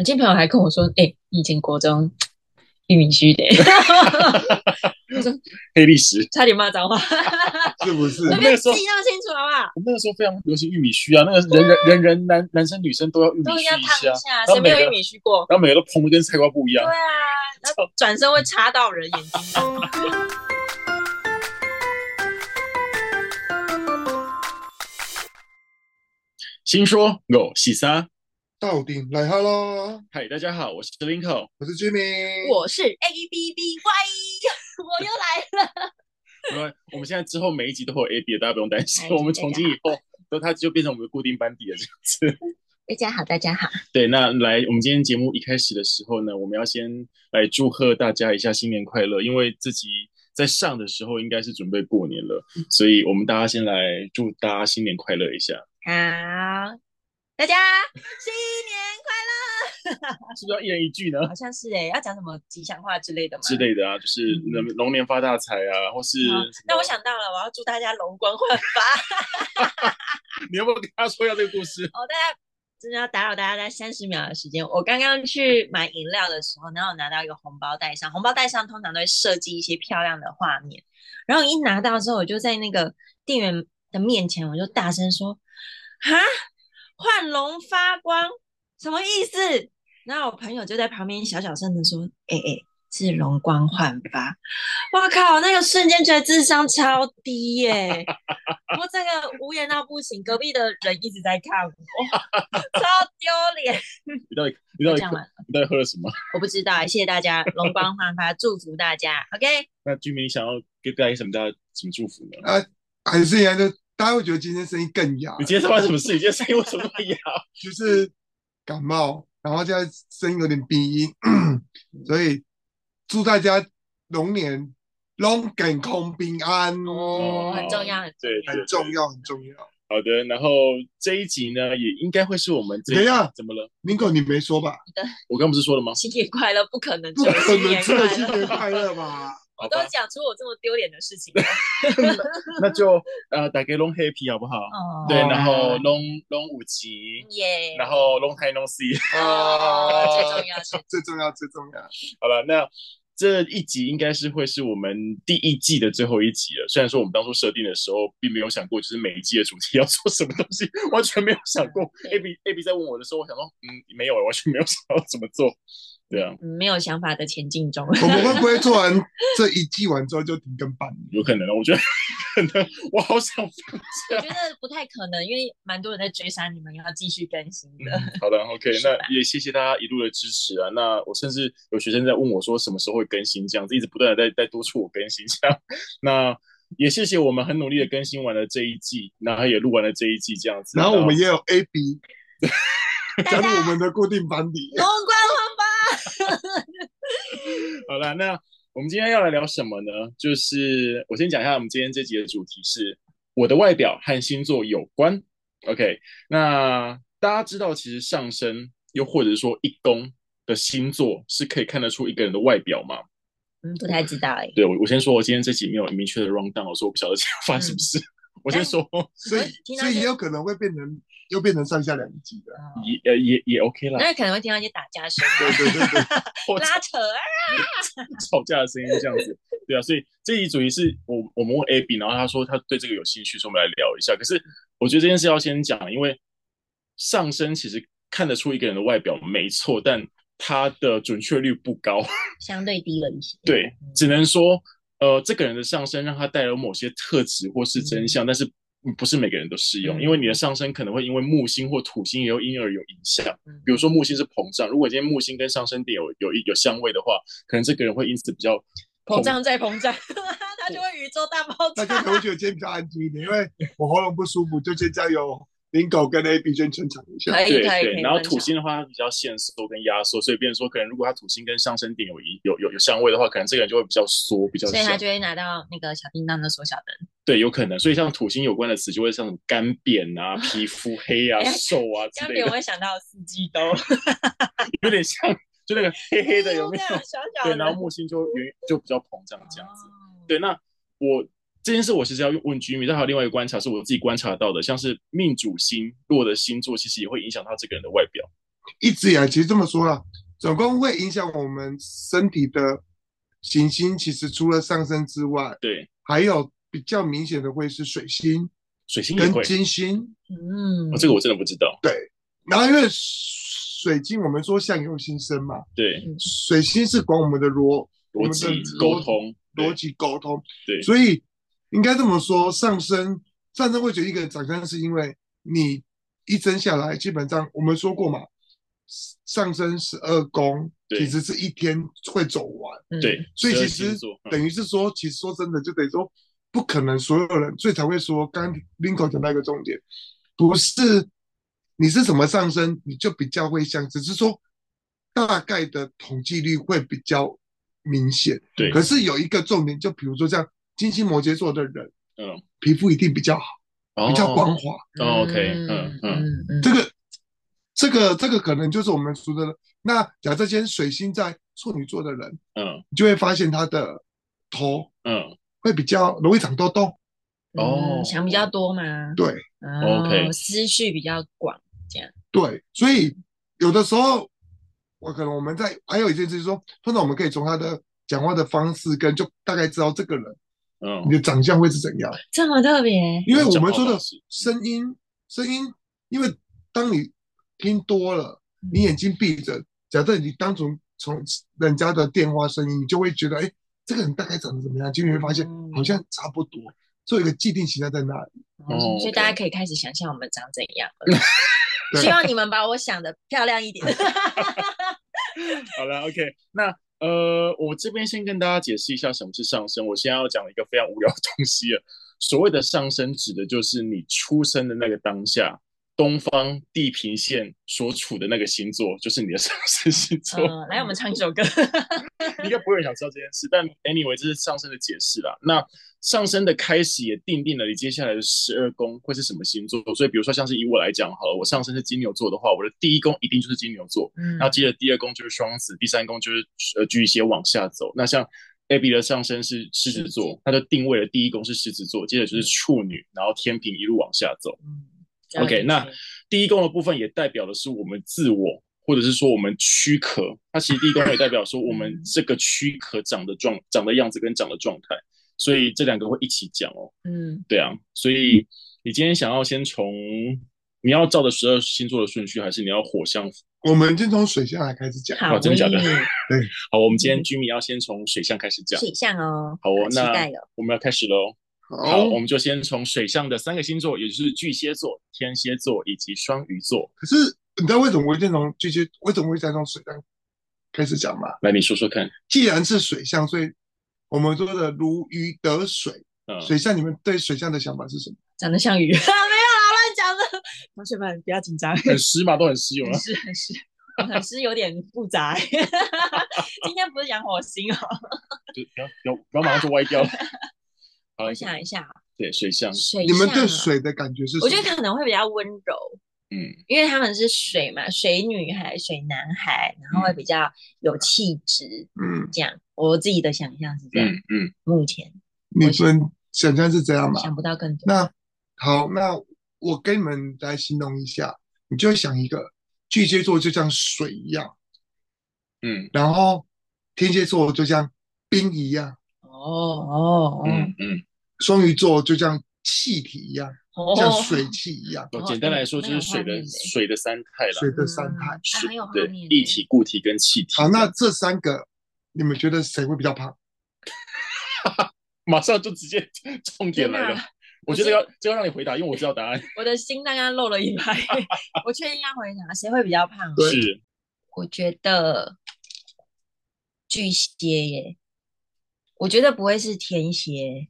以前朋友還跟我說：“哎、欸，你以前國中玉米鬚的， 我說黑歷史，差點罵髒話， 是不是？你個時候清楚好不好？我那個時候非常流行玉米鬚啊，那個人人、嗯、人人男男生女生都要玉米鬚一下，燙一下，誰沒有玉米鬚過？然後每個都蓬的跟菜瓜布一樣，對啊，然後轉身會插到人眼睛。心 說有，五四三。”到底來哈嘍，嗨大家好，我是林口，我是 Jimmy，我是 ABBY，我又來了。 我們現在之後每一集都會有 AB，大家不用擔心。我們從今以後，都它就變成我們的固定班底了。這樣子，大家好，大家好。對，那來，我們今天節目一開始的時候呢，我們要先來祝賀大家一下新年快樂。因為這集在上的時候應該是準備過年了、嗯，所以我們大家先來祝大家新年快樂一下。好。大家新年快樂！ 是不是要一人一句呢？好像是哎、欸，要講什麼吉祥話之類的嘛？之類的啊，就是那龍年發大財啊，或、嗯、是、哦……那我想到了，我要祝大家龍光煥發！ 你要不要跟他說一下這個故事？哦，大家真的要打擾大家在三十秒的時間。我剛剛去買飲料的時候，然後拿到一個紅包袋上，紅包袋上通常都會設計一些漂亮的畫面，然後一拿到之後，我就在那個店員的面前，我就大聲說：“哈！”煥容發光什麼意思？然後我朋友就在旁邊小小聲的說：“哎、欸、哎、欸，是容光煥發。”我靠，那個瞬間覺得智商超低耶、欸！不 過，這個無言到不行，隔壁的人一直在看我，超丟臉。你到底你到底你到底喝了什麼？我不知道啊。謝謝大家，容光煥發，祝福大家。 OK。那居民想要給大家什麼大什麼祝福呢？啊，還是還是。大家會覺得今天聲音更啞。你今天發生什麼事？你今天聲音為什麼會啞？就是感冒，然後現在聲音有點鼻音，所以祝大家龍年龍景空平安哦，嗯、很重要，很重要，很重要，很重要。好的，然後這一集呢，也應該會是我們怎樣？怎麼了 Mingo 你沒說吧？我剛，剛不是說了嗎？新年快樂，不可能，不可能新年快樂吧？我都講出我這麼丟臉的事情了， 那就呃，打給 l 黑皮 Happy 好不好？Oh. 對，然後 l o 五集，yeah. 然後 Long t、oh, 最重要，最重要，最重要。好了，那這一集應該是會是我們第一季的最後一集了。雖然說我們當初設定的時候，並沒有想過就是每一集的主題要做什麼東西，完全沒有想過。Abby、yeah. Abby 在問我的時候，我想說，嗯，沒有，完全沒有想要怎麼做。對啊、嗯，沒有想法的前進中。 我們會不會做完這一季完之後就停更半年？ 有可能，我覺得可能。我好想。 我覺得不太可能，因為蠻多人在追殺你們，要繼續更新的。嗯、好的，OK，那也謝謝大家一路的支持啊。那我甚至有學生在問我，說什麼時候會更新這樣子，一直不斷的在在督促我更新這樣。 那也謝謝我們很努力的更新完了這一季，那他也錄完了這一季這樣子。然後我們也有 AB 加入我們的固定班底 大家。 好了，那我們今天要來聊什麼呢？就是我先講一下我們今天這集的主題是我的外表和星座有關。OK，那大家知道其實上升又或者說一宮的星座是可以看得出一個人的外表嗎？嗯，不太知道哎、欸。對，我我先說，我今天這集沒有明確的 rundown，我說我不曉得這個發生什麼事。我先說，呵呵所以所以也有可能會變成。又變成上下兩級的，啊哦，也也也 OK 了。那可能會聽到一些打架聲，啊， 對對對對，拉扯啊，吵架的聲音這樣子，對啊。所以這一組，也是我我們問 A B，然後他說他對這個有興趣，所以我們來聊一下。可是我覺得這件事要先講，因為上升其實看得出一個人的外表沒錯，但他的準確率不高，相對低了一些。對，只能說呃，這個人的上升讓他帶有某些特質或是真相，但，嗯，是。嗯，不是每個人都適用、嗯，因為你的上升可能會因為木星或土星也有因而有影響、嗯。比如說木星是膨脹，如果今天木星跟上升點有有有相位的話，可能這個人會因此比較膨脹再膨脹， 他就會宇宙大爆炸。大家會覺得今天比較安靜一點，因為我喉嚨不舒服，就先加油。林狗跟 A B 肩成長對，然後土星的話，它比較限縮跟壓縮，所以變成說，可能如果它土星跟上升點有有有有相位的話，可能這個人就會比較縮，比較所以它就會拿到那個小叮當的縮小燈。對，有可能。所以像土星有關的詞，就會像乾扁啊、皮膚黑啊、 瘦啊之類的。乾扁我會想到四季豆， 有點像就那個黑黑的有沒有？ 對，然後木星就就比較膨脹這樣子、哦。對，那我。這件事我其實要問 Jimmy，但還有另外一個觀察是我自己觀察到的，像是命主星落的星座，其實也會影響他這個人的外表。一直以來其實這麼說啦、啊，總共會影響我們身體的行星，其實除了上升之外，對，還有比較明顯的會是水星、水星跟金星。嗯、哦，這個我真的不知道。嗯、對，然後因為水星，我們說相由心生嘛，對，水星是管我們的邏邏輯溝通、邏輯溝、溝通，對，所以。應該這麼說，上升上升會覺得一個人長相是因為你一生下來，基本上我們說過嘛，上升十二宮其實是一天會走完，對，所以其實、嗯、等於是說、嗯，其實說真的就等於說，不可能所有人最常會說剛林口的那個重點，不是你是什麼上升，你就比較會像，只是說大概的統計率會比較明顯，對，可是有一個重點，就比如說像，金星摩羯座的人，嗯、uh,，皮膚一定比較好，oh, okay. 比較光滑。Oh, OK，嗯嗯，嗯，這個這個這個可能就是我們說的那假設這些水星在處女座的人，嗯、uh,，你就會發現他的頭，嗯，會比較容易長痘痘。哦、uh, 嗯，想比較多嗎？對哦思緒比較廣，這樣。對，所以有的時候，我可能我們在還有一件事，是說，通常我們可以從他的講話的方式跟，就大概知道這個人。嗯、你的長相會是怎樣？這麼特別？因為我們說的聲音，嗯、聲音，因為當你聽多了，嗯、你眼睛閉着，假設你單純從，從人家的電話聲音，你就會覺得，哎，這個人大概長得怎麼樣？嗯、就會發現，好像差不多，做一個既定形象在，在那裡，嗯嗯。所以大家可以開始想象我們長怎樣。 希望你們把我想的漂亮一點。 好了，OK，那、no.。呃，我這邊先跟大家解釋一下什麼是上升，我現在要講一個非常無聊的東西了。所謂的上升指的就是你出生的那個當下。東方地平線所處的那個星座，就是你的上升星座。呃、來，我們唱一首歌。 你應該不會想知道這件事，但 anyway，這是上升的解釋啦。那上升的開始也定定了你接下來的十二宮會是什麼星座。所以，比如說像是以我來講，好了，我上升是金牛座的話，我的第一宮一定就是金牛座。嗯，那接着第二宮就是雙子，第三宮就是呃巨蟹往下走。那像 Abby 的上升是獅子座，他的定位的第一宮是獅子座，接着就是處女，然後天秤一路往下走。嗯 OK，那第一宮的部分也代表的是我們自我，或者是說我們軀殼。它其實第一宮也代表說我們這個軀殼長的狀、 長的樣子跟長的狀態，所以這兩個會一起講哦。嗯，對啊，所以你今天想要先從你要照的十二星座的順序，還是你要火象？我們先從水象來開始講，好。哦，真的假的？對，好，我們今天 Jimmy 要先從水象開始講，水象哦。好哦，好哦，那我們要開始嘍。好，好、嗯，我們就先從水象的三個星座，也就是巨蟹座、天蠍座以及雙魚座。可是你知道為什麼會在從巨蟹，為什麼會在從水象開始講嗎？來，你說說看。既然是水象，所以我們說的如魚得水。嗯、水象，你們對水象的想法是什麼？長得像魚？ 啊、沒有啦，老亂講的。同學們不要緊張。很濕嘛，都很濕、啊，有嗎？是很，很濕。很濕有點複雜、欸。 今天不是講火星哦、喔。 不要，不要，不要馬上就歪掉了。 我想一下，對，水象，啊，你們對水的感覺是什麼？我覺得可能會比較溫柔，嗯，因為他們是水嘛，水女孩，水男孩，然後會比較有氣質，嗯，這樣。我自己的想象是這樣，嗯，嗯，目前，你們想象是這樣嗎？想不到更多。那好，那我跟你們來形容一下，你就會想一個巨蟹座就像水一樣，嗯，然後天蠍座，嗯，就像冰一樣。哦哦哦，嗯。嗯雙魚座就像氣體一樣，哦、像水氣一樣、哦。簡單來說，就是水的水的三態了。水的三態，對、嗯，液、嗯、體、固體跟氣體。好，那這三個，你們覺得誰會比較胖？ 馬上就直接重點來了。我覺得要覺得覺得就要讓你回答，因為我知道答案。我的心剛剛漏了一拍， 我確定要回答誰會比較胖對？是，我覺得巨蟹耶。我覺得不會是天蠍。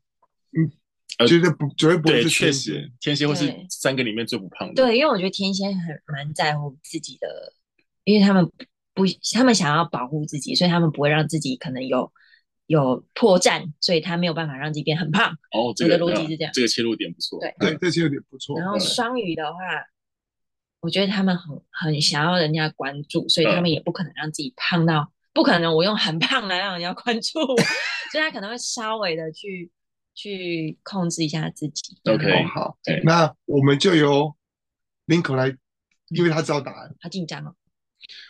覺得不，呃、絕對不，絕對不會。確實，天蠍會是三個裡面最不胖的。對，因為我覺得天蠍很蠻在乎自己的，因為他們不，他們想要保護自己，所以他們不會讓自己可能有有破綻，所以他沒有辦法讓自己變很胖。哦，這個邏輯是這樣、啊，這個切入點不錯。對，這個切入點不錯。然後雙魚的話，我覺得他們很很想要人家關注，所以他們也不可能讓自己胖到、啊、不可能。我用很胖來讓人家關注我， 所以他可能會稍微的去。去控制一下自己。OK，好、嗯，那我們就由林可來、嗯，因為他知道答案。他很緊張哦。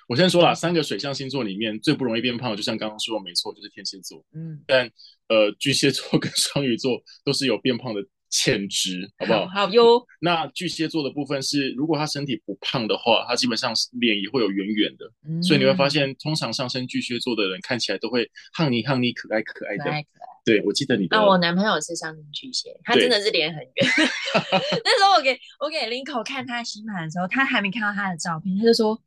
我先說了，三個水象星座裡面最不容易變胖的，就像剛剛說的沒錯，就是天蠍座。嗯，但呃，巨蟹座跟雙魚座都是有變胖的潛質，嗯、好不好？好喲、呃。那巨蟹座的部分是，如果他身體不胖的話，他基本上臉也會有圓圓的。嗯、所以你會發現，通常上升巨蟹座的人看起來都會憨你憨你可愛可愛的。可愛可愛對，我記得你。那我男朋友是上升巨蟹，他真的是臉很圓。 那時候我給，我給林口看他星盤的時候，他還沒看到他的照片，他就說：“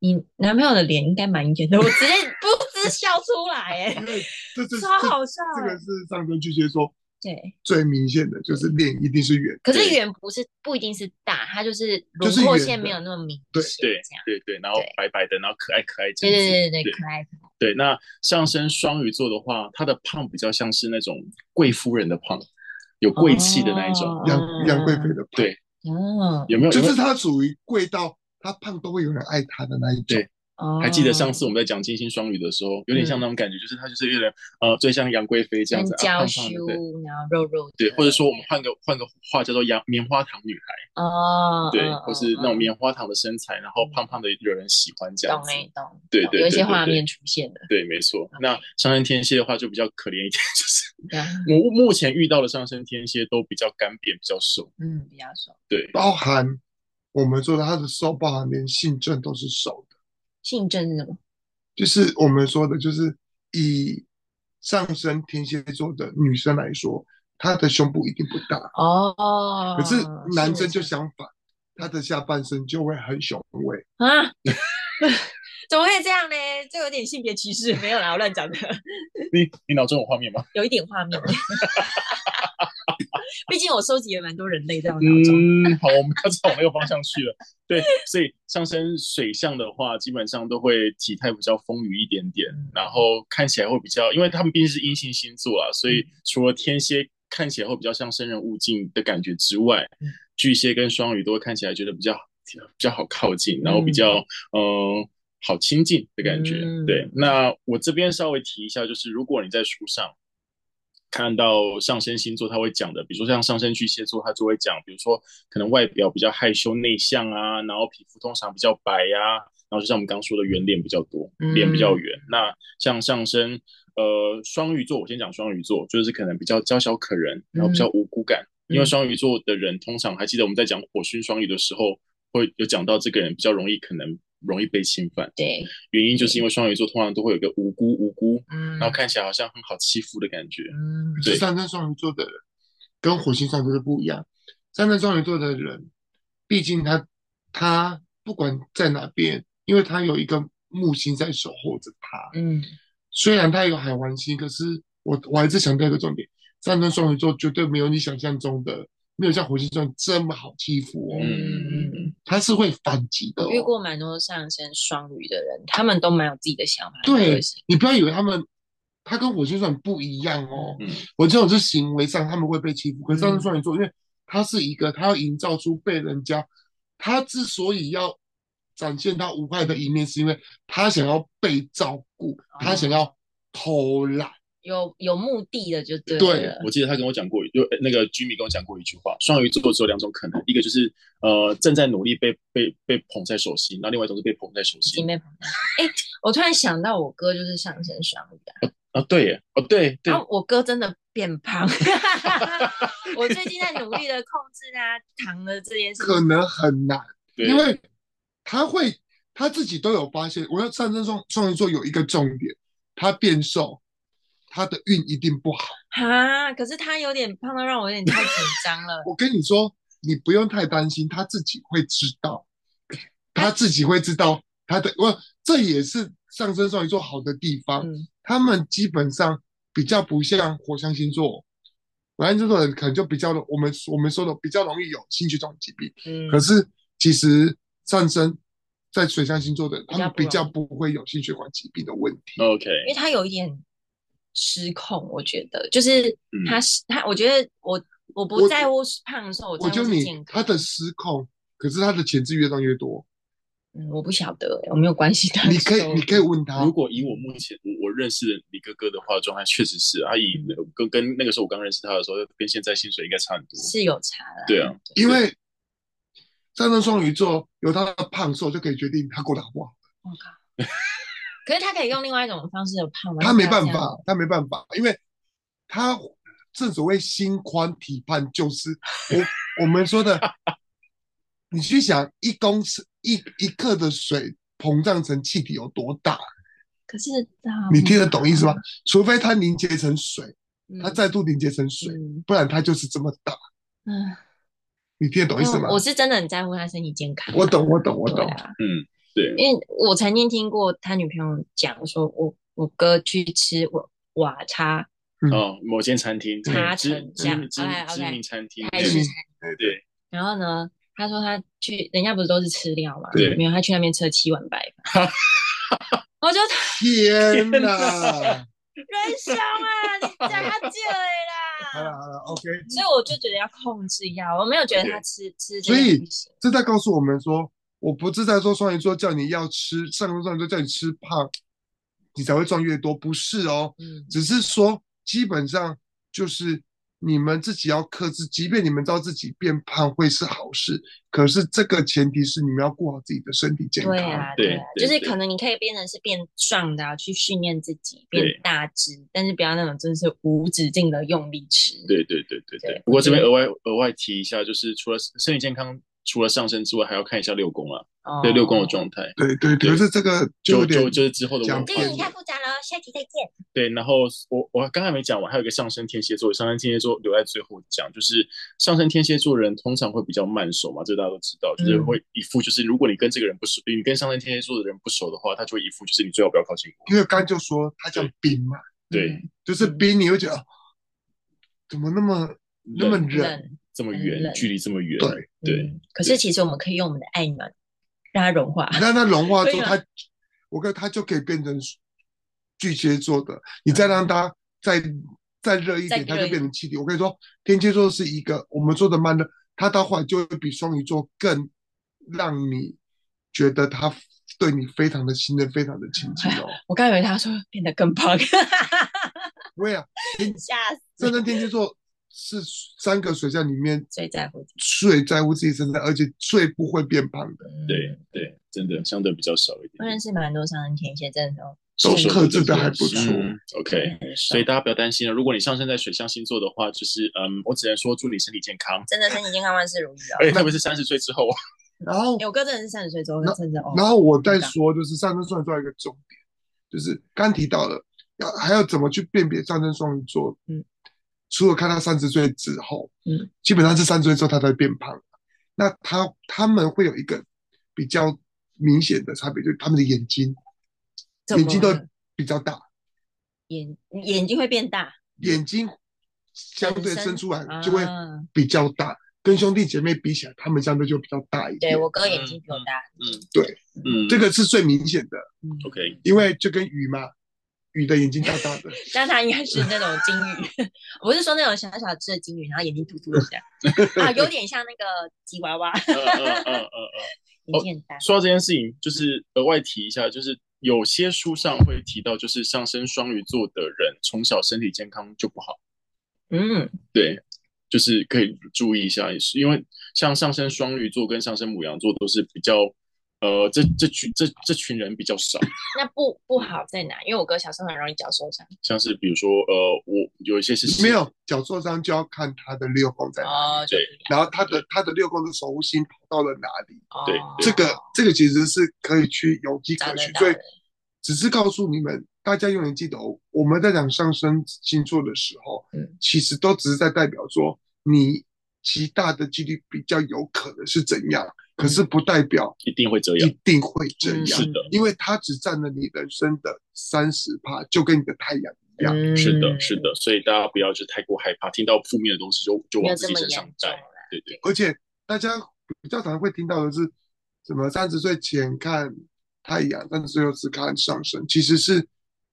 你男朋友的臉應該蠻圓的。 ”我直接噗嗤笑出來，哎， 超好笑。這個是上升巨蟹說。對，最明顯的就是臉一定是圓，可是圓不是不一定是大，它就是輪廓線沒有那麼明顯，就是，對，對對，然後白白的，然後可愛可愛這樣，對對對，對對對對可愛的。對，那上升雙魚座的話，他的胖比較像是那種貴夫人的胖，有貴氣的那一種，楊楊貴妃的胖，對，哦，有沒有？就是他屬於貴到他胖都會有人愛他的那一種。對 Oh, 還記得上次我們在講金星雙魚的時候、嗯，有點像那種感覺，就是她就是越來呃，最像楊貴妃這樣子嬌羞、啊，然後肉肉的，對，對或者說我們換個換個話叫做楊棉花糖女孩哦，oh, 對，oh, 或是那種棉花糖的身材，oh, 然後胖胖的有人喜歡這樣子，懂沒、欸、懂？對對，對，對，對，有一些畫面出現的。對，對沒錯。Okay. 那上升天蠍的話就比較可憐一點，就是我、yeah. 目前遇到的上升天蠍都比較乾癟，比較瘦，嗯，比較瘦，對，包含我們說的他的瘦，包含連性徵都是瘦的。性徵是什麼？就是我們說的，就是以上升天蠍座的女生來說，她的胸部一定不大哦。可是男生就相反，是不是他的下半身就會很雄偉啊！ 怎麼會這樣呢？這有點性別歧視，沒有啦，我亂講的。你你腦中有畫面嗎？有一點畫面。 畢竟我收集了蠻多人類的，嗯，好，我們要往那個方向去了。 對，所以上升水象的話，基本上都會體態比較豐腴一點點、嗯，然後看起來會比較，因為他們畢竟是陰性星座啊、嗯，所以除了天蠍看起來會比較像生人勿近的感覺之外、嗯，巨蟹跟雙魚都會看起來覺得比較比較好靠近，然後比較嗯、呃、好親近的感覺、嗯。對，那我這邊稍微提一下，就是如果你在書上。看到上升星座他會講的，比如說像上升巨蟹座，他就會講，比如說可能外表比較害羞內向啊，然後皮膚通常比較白呀、啊，然後就像我們剛剛說的圓臉比較多，臉比較圓。嗯、那像上升呃雙魚座，我先講雙魚座，就是可能比較嬌小可人，然後比較無辜感，嗯、因為雙魚座的人通常還記得我們在講火星雙魚的時候，會有講到這個人比較容易可能。容易被侵犯，對，原因就是因為雙魚座通常都會有一個無辜無辜，嗯，然後看起來好像很好欺負的感覺，嗯，對。上升雙魚座的人跟火星雙魚座不一樣，上升雙魚座的人，畢竟他他不管在哪邊，因為他有一個木星在守候着他，嗯，雖然他有海王星，可是我我還是強調一個重點，上升雙魚座絕對沒有你想象中的，沒有像火星雙魚座這麼好欺負哦。嗯他是會反擊的、哦。遇過蠻多上升雙魚的人，他們都蠻有自己的想法的。對，你不要以為他們，他跟火星算不一樣哦。嗯、我這種就是行為上，他們會被欺負、嗯，可是上升雙魚座，因為他是一個，他要營造出被人家、嗯，他之所以要展現他無害的一面，是因為他想要被照顧、嗯，他想要偷懶。有有目的的就對了對。我記得他跟我講過，就那個 Jimmy 跟我講過一句話：雙魚座只有兩種可能，一個就是呃正在努力被被被捧在手心，那另外一種是被捧在手心。哎、欸，我突然想到，我哥就是上升雙魚啊啊。啊，對耶，哦、啊、對，他我哥真的變胖， 我最近在努力的控制他、啊、糖 的這件事，可能很難，因為他會他自己都有發現。我要上升雙雙魚座有一個重點，他變瘦。他的運一定不好哈，可是他有點胖到讓我有點太緊張了。 我跟你說，你不用太擔心，他自己會知道，他,他自己會知道他的。我這也是上升雙魚座好的地方。嗯，他們基本上比較不像火象星座，火象星座人可能就比較我們我們說的比較容易有心血管疾病。嗯，可是其實上升在水象星座的人，他們比較不會有心血管疾病的問題。OK，因為他有一點。失控，我覺得就是他，是、嗯、他，他。我覺得我我不在乎胖瘦，我只要健康。他的失控，可是他的錢是越賺越多。嗯，我不曉得，我沒有關係的。你可以，你可以問他。如果以我目前我我認識李哥哥的話，狀態確實是阿姨、嗯、跟跟那個時候我剛認識他的時候，跟現在薪水應該差很多。是有差的。對啊，就是、因為上升雙魚座，有他的胖瘦就可以決定他過得好不好。我、哦、靠！ 可是他可以用另外一種方式的胖。他沒辦法，他沒辦法，因為他正所謂心寬體胖，就是我 我們說的。你去想一公尺一一克的水膨脹成氣體有多大？可是你聽得懂意思嗎？除非它凝結成水，它再度凝結成水，嗯、不然它就是這麼大。嗯，你聽得懂意思嗎？我，我是真的很在乎他身體健康。我懂，我懂，我懂。啊、嗯。對，因為我曾經聽過他女朋友講說我，我我哥去吃我瓦差哦、嗯，某間餐廳，他、嗯、名知，知名 okay, 知名餐廳，對對對。然後呢，他說他去人家不是都是吃料嘛？對，沒有他去那邊吃了七碗白飯。 我就 天哪、啊， 仁兄啊，你假醉啦？ 好了好了，OK。所以我就覺得要控制一下，我沒有覺得他吃吃。所以這在告訴我們說。我不是在說雙魚座，叫你要吃，上升雙魚座叫你吃胖，你才會賺越多，不是哦。只是說，基本上就是你們自己要克制，即便你們知道自己變胖會是好事，可是這個前提是你們要顧好自己的身體健康。對啊，對啊，就是可能你可以變成是變壯的、啊，去訓練自己變大只，但是不要那種真是無止境的用力吃。對對對對對。不過這邊額外額外提一下，就是除了身體健康。除了上升之外，還要看一下六宮啊，哦、對六宮的狀態。對對對，對，就是這個就就就是之後的問題。這個有點太複雜了，下期再見。對，然後我我剛才沒講完，還有一個上升天蠍座，上升天蠍座留在最後講，就是上升天蠍座的人通常會比較慢熟嘛，這個、大家都知道，就是會一副就是如果你跟這個人不熟、嗯，你跟上升天蠍座的人不熟的話，他就會一副就是你最好不要靠近我。因為剛就說他叫冰嘛對、嗯，對，就是冰，你會覺得怎麼那麼那麼冷？冷這麼遠，距離這麼遠，對對,、嗯、對。可是其實我們可以用我們的愛意嘛，讓它融化。讓它融化之後、啊，它，我跟它就可以變成巨蟹座的。你再讓它再、嗯、再,熱再熱一點，它就變成氣體。我跟你說，天蠍座是一個我們做的慢熱，它到後來就會比雙魚座更讓你覺得他對你非常的信任、啊、非常的親近哦。我剛以為他說變得更棒。哈哈哈哈哈。啊、欸，嚇死！真的天蠍座。是三個水象裡面最在乎、最在乎自己身材，而且最不會變胖的。嗯、對對，真的相對比較少一點、點。我認識蠻多雙魚天蠍，真的都瘦瘦，真的還不錯。嗯、OK，所以大家不要擔心了。如果你上升在水象星座的話，就是嗯，我只能說祝你身體健康，真的身體健康，萬事如意啊、哦。哎，特別是三十歲之後啊。哦、然、後然、後然後我哥真的是三十歲之後，然後我再說，就是上升雙魚座一個重點，就是剛提到了要還要怎麼去辨別上升雙魚座？嗯。除了看到三十歲之後，嗯，基本上是三十歲之後他才會變胖，那他他們會有一個比較明顯的差別，就是他們的眼睛，眼睛都比較大，眼眼睛會變大，眼睛相對伸出來就會比較大、啊，跟兄弟姐妹比起來，他們相對就比較大一點。對我哥眼睛比較大，嗯，嗯對嗯，這個是最明顯的，OK，嗯，因為就跟魚嘛。你的眼睛大大的， 但它應該是那種金魚， 不是說那種小小只的金魚，然後眼睛凸凸的， 啊，有點像那個吉娃娃。嗯嗯嗯嗯嗯。說到這件事情，就是額外提一下，就是有些書上會提到，就是上升雙魚座的人從小身體健康就不好。嗯、mm.，對，就是可以注意一下，也是因為像上升雙魚座跟上升牡羊座都是比較。呃，這這群這這群人比較少， 那不不好在哪？因為我哥小時候很容易腳受傷，像是比如說，呃，我有一些事情沒有腳受傷，就要看他的六宮在哪裡，對、哦，然後他的他的六宮的守護星跑到了哪裡，對，對對對，這個這個其實是可以去有機可循，嗯，所以只是告訴你們，大家永遠記得，我們在講上升星座的時候，嗯，其實都只是在代表說，你極大的幾率比較有可能是怎樣。可是不代表一定會這樣，嗯、一定會這樣、嗯。是的，因為它只占了你人生的三十趴，就跟你的太陽一樣、嗯。是的，是的。所以大家不要去太過害怕，聽到負面的東西就就往自己身上沾。對對。而且大家比較常會聽到的是，什麼三十歲前看太陽，三十歲後只看上升。其實是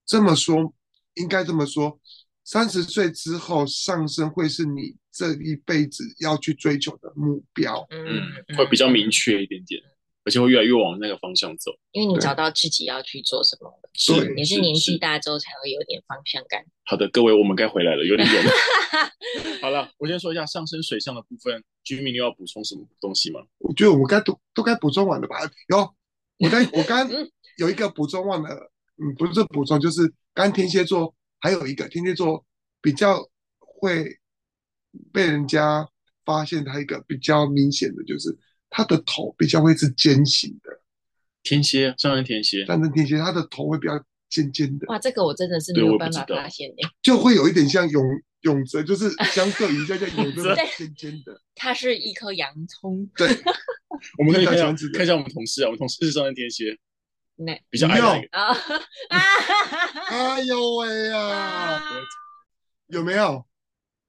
這麼說，應該這麼說，三十歲之後上升會是你這一輩子要去追求的目標，嗯，會比較明確一點點、嗯，而且會越來越往那個方向走。因為你找到自己要去做什麼，是你是年紀大之後才會有點方向感。好的，各位，我們該回來了，有點遠。 好了，我先說一下上升水象的部分。Jimmy，你要補充什麼東西嗎？我覺得我們該都都該補充完了吧？有，我剛我剛，有一個補充忘了 嗯，嗯，不是補充，就是剛天蠍座還有一個天蠍座比較會。被人家發現他一個比較明顯的就是他的頭比較會是尖形的，天蠍，上升天蠍，上升天蠍，他的頭會比較尖尖的。哇，這個我真的是沒有辦法發現的就會有一點像永永澤，就是相對 像個人在在永澤尖尖的， 的。他是一顆洋蔥。對， 我們可以看，看一下我們同事啊，我們同事是上升天蠍，那比較矮啊，哎呦喂呀，有沒有？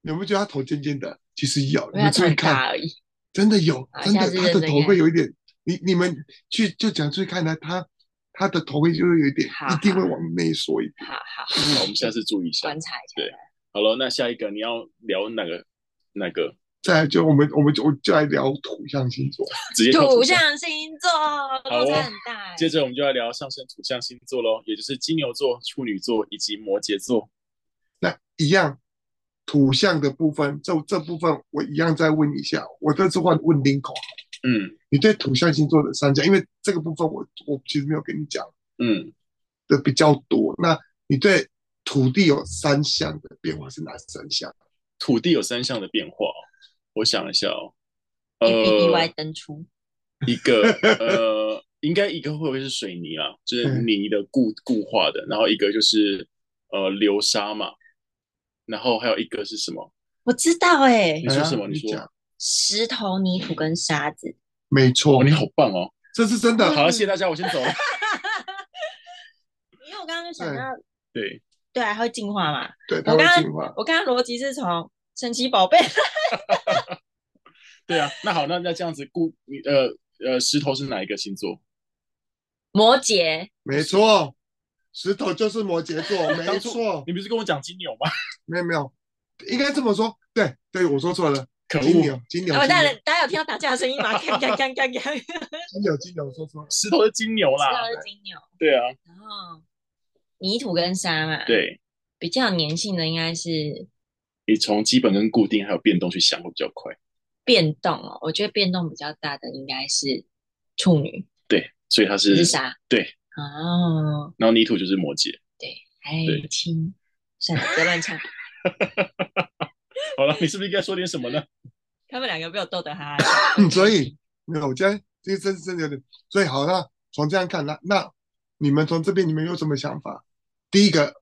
你有沒有覺得他頭尖尖的？其實有，你注意看要，真的有，真的他的頭會有一點。你你們去就講出去看呢，他他的頭會就會有一點好好，一定會往內縮一點。好好， 好，我們下次注意一下，觀察一下。對，好了，那下一個你要聊哪個？哪、那個？對，就我們，我們就我就來聊土象星座， 直接土象星座。好、哦， 接着我們就要聊上升土象星座嘍， 也就是金牛座、處女座以及摩羯座。那一樣。土象的部分，這這部分我一樣再問一下，我這次換問丁口。嗯，你對土象星座的三項，因為這個部分我我其實沒有跟你講。嗯，的比較多、嗯。那你對土地有三項的變化是哪三項？土地有三項的變化，我想一下哦。呃、FTY、一個 呃，應該一個會不會是水泥啊？就是泥的固、嗯、固化的，然後一個就是呃流沙嘛。然後還有一個是什麼？我知道哎、欸、你說什麼？啊、你，你說石頭、泥土跟沙子，沒錯，哦、你好棒哦，這是真的。 好、啊，謝謝大家，我先走了。 因為我剛剛就想到，對對，它、啊、會進化嘛？對，它會進化我剛剛。我剛剛邏輯是從神奇寶貝， 對啊。那好，那那這樣子，固你呃呃，石頭是哪一個星座？摩羯，沒錯，石頭就是摩羯座，沒錯。你不是跟我講金牛嗎？沒有沒有，應該這麼說，對對，我說錯了。可惡金牛。我、哦、大家有聽到打架的聲音嗎？幹幹幹幹金牛，金牛說錯，石頭是金牛啦。石頭是金牛。對啊。然後泥土跟沙嘛。對。比較粘性的應該是。你從基本跟固定還有變動去想會比較快。變動哦，我覺得變動比較大的應該是處女。對，所以他是。就是沙。對。哦。然後泥土就是摩羯。對，還親別亂唱！ 好了，你是不是應該說點什麼呢？ 他們兩個沒有逗的哈。 所以，沒有，我覺得這實真是有點。所以，好了、啊，從這樣看，那那你們從這邊你們有什麼想法？第一個，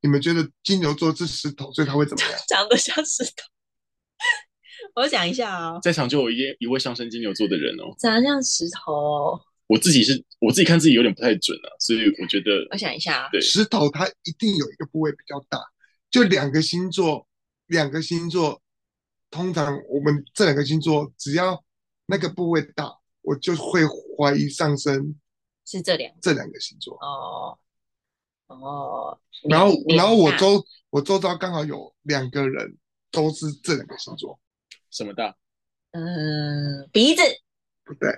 你們覺得金牛座是石頭，所以他會怎麼樣？長得像石頭。我講一下啊、哦，在場就有一一位上升金牛座的人哦，長得像石頭、哦。我自己是，我自己看自己有點不太準啊，所以我覺得我想一下，啊，對，石頭它一定有一個部位比較大，就兩個星座，兩個星座，通常我們這兩個星座只要那個部位大，我就會懷疑上升是這兩這兩個星座，個個星座哦哦，然後然後我週我週遭剛好有兩個人都是這兩個星座，什麼大？嗯，呃，鼻子不對。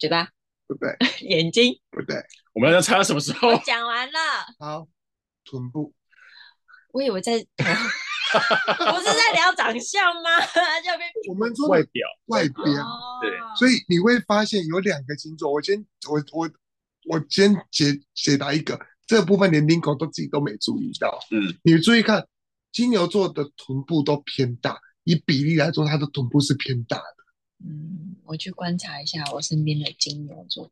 嘴巴、啊，不對。 眼睛，不對。我們要猜到什麼時候？我講完了。好，臀部。我以為在， 不是在聊長相嗎？這 邊 我們說外表，外表。對、哦。所以你會發現有兩個星座，我先我我我先解解答一個。這部分連林狗都自己都沒注意到。嗯。你注意看，金牛座的臀部都偏大，以比例來說，他的臀部是偏大的。嗯，我去觀察一下我身邊的金牛座。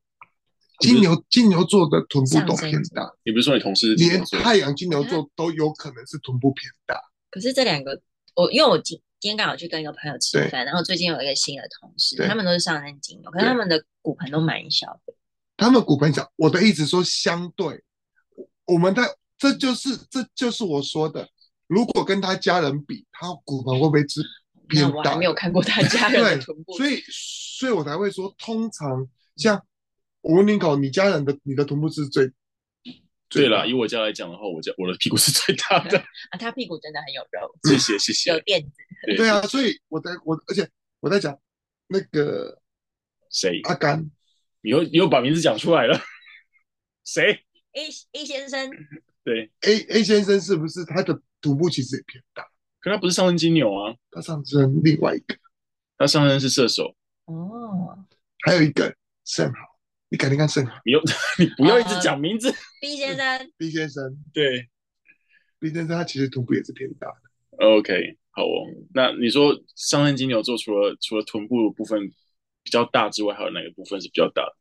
金牛金牛座的臀部都偏大。你不是說你同事的連太陽金牛座都有可能是臀部偏大？可是這兩個，我因為我今天剛好去跟一個朋友吃飯，然後最近有一個新的同事，他們都是上升金牛，可是他們的骨盆都蠻小的。他們骨盆小，我的意思說相對，我們在這就是這就是我說的，如果跟他家人比，他骨盆會不會只？因為我還沒有看過他家人臀部 對，所以所以，我才會說，通常像我問你搞，你家人的你的臀部是最對了。以我家來講的話，我家我的屁股是最大的 啊，他屁股真的很有肉，謝、啊、謝謝謝，有墊子對，對啊，所以我在我而且我在講那個誰阿甘，你又你又把名字講出來了，誰 A A 先生對 A A 先生是不是他的臀部其實也偏大？可他不是上升金牛啊，他上升另外一個，他上升是射手。哦，還有一個聖豪，你改天看聖豪。你你不要一直講名字。Oh. uh, B 先生，B 先生，對，B 先生他其實臀部也是偏大的。OK，好哦。那你說上升金牛座除了除了臀部的部分比較大之外，還有哪個部分是比較大的？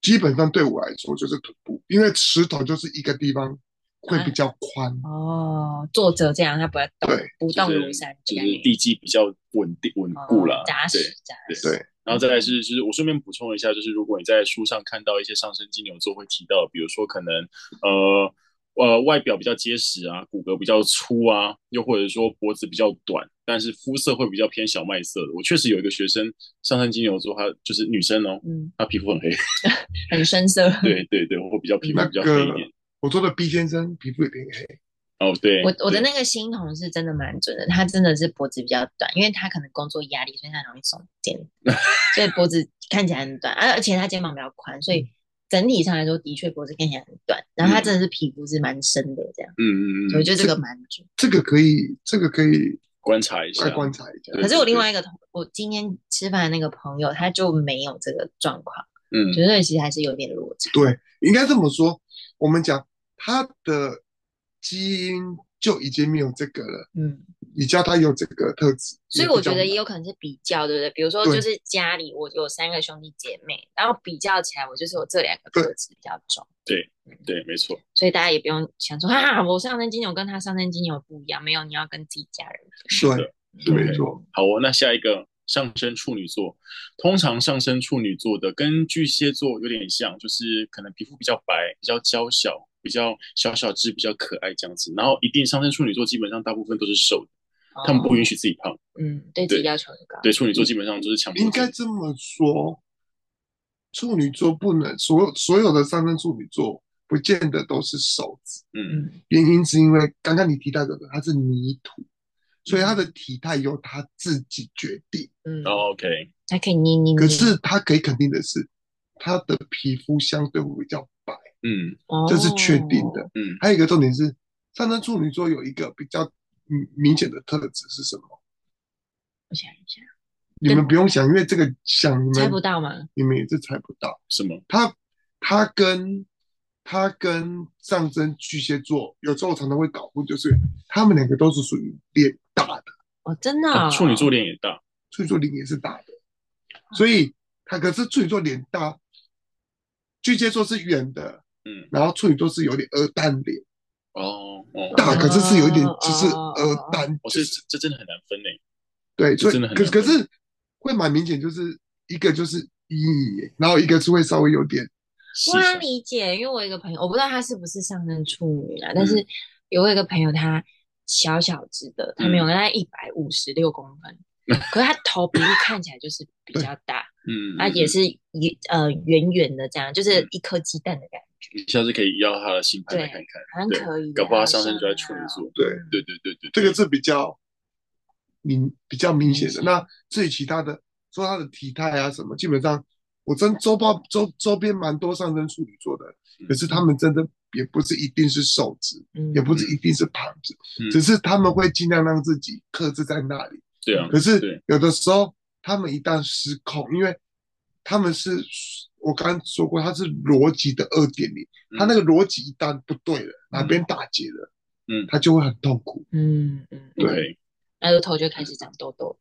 基本上對我來說就是臀部，因為池塘就是一個地方。會比較寬、啊、哦，坐着這樣，他不會動，不動如山，就是、就是、地基比較穩定穩固了，扎、哦、實扎實。對，對，實對、嗯，然後再來是，就是我順便補充一下，就是如果你在書上看到一些上升金牛座會提到，比如說可能呃呃外表比較結實啊，骨骼比較粗啊，又或者說脖子比較短，但是膚色會比較偏小麥色的。我確實有一個學生上升金牛座，他就是女生哦，嗯、他她皮膚很黑，嗯、 很深色，對對對，我會比較、嗯、皮膚比較黑一點。那個我做的 B 先生皮膚有點黑哦、oh，對，我我的那個新同事真的蠻準的，他真的是脖子比較短，因為他可能工作壓力，所以他容易聳肩， 所以脖子看起來很短，而、啊、而且他肩膀比較寬，所以整體上來說的確脖子看起來很短。然後他真的是皮膚是蠻深的，這樣嗯嗯嗯，我覺得這個蠻準、這個，這個可以，這個可以觀察一下，觀察一下。可是我另外一個同我今天吃飯的那個朋友他就沒有這個狀況，嗯，覺得其實還是有點落差。對，應該這麼說，我們講。他的基因就已經沒有這個了，嗯，比較他有這個特質，所以我覺得也有可能是比較，對不對？比如說，就是家裡我有三個兄弟姐妹，然後比較起來，我就是我這兩個特質比較重，對，對，對，沒錯。所以大家也不用想說啊，我上升金牛跟他上升金牛不一樣，沒有，你要跟自己家人。是的。是沒錯。好哦，那下一個上升處女座，通常上升處女座的跟巨蟹座有點像，就是可能皮膚比較白，比較嬌小。比較小小隻，比較可愛這樣子。然後，一定上升處女座基本上大部分都是瘦的，哦、他們不允許自己胖。嗯，對自己要求很高。對，處女座基本上都是強迫。應該這麼說，處女座不能，所有所有的上升處女座不見得都是瘦子。嗯嗯。原因是因為剛剛你提到的，它是泥土，所以他的體態由他自己決定。嗯、哦、，OK。它可以捏，捏捏。可是他可以肯定的是，他的皮膚相對會比較。嗯，這是確定的。嗯、哦，還有一個重點是，上升處女座有一個比較明顯的特質是什麼？想一想，你們不用想，因為這個想你們猜不到嗎？你們也是猜不到，是嗎？他他跟他跟上升巨蟹座，有時候常常會搞混，就是他們兩個都是屬於臉大的哦，真的、哦啊、處女座臉也大，處女座臉也是大的，所以他可是處女座臉大，巨蟹座是圓的。嗯，然後處女座是有點鵝蛋臉哦，大可是是有一點就兒、哦，就是鵝蛋，這、哦哦哦、這真的很難分誒。對，真的很可是會蠻明顯，就是一個就是圓然後一個是會稍微有點。我哇，理解，因為我一個朋友，我不知道他是不是上升處女啦、啊嗯，但是有一個朋友他小小隻的，他沒有，他一百五十六公分、嗯，可是他頭皮看起來就是比較大，嗯，他也是一呃圓圓的這樣，就是一顆雞蛋的感覺。嗯嗯你下次可以要他的星盤來看看，對，對很可以。搞不好他上升就在處女座、嗯，對，對，對，對，對，這個是比較明比較明顯的。嗯、那至於其他的，說他的體態啊什麼，基本上我真周報周周邊蠻多上升處女座的、嗯，可是他們真的也不是一定是瘦子、嗯，也不是一定是胖子、嗯，只是他們會盡量讓自己克制在那裡、嗯。對啊，可是有的時候他們一旦失控，因為他們是。.我剛剛說過，他是邏輯的二點零，他那個邏輯一旦不對了，嗯、哪邊打結了，嗯，他就會很痛苦，嗯嗯，對，嗯、那後頭就開始長痘痘，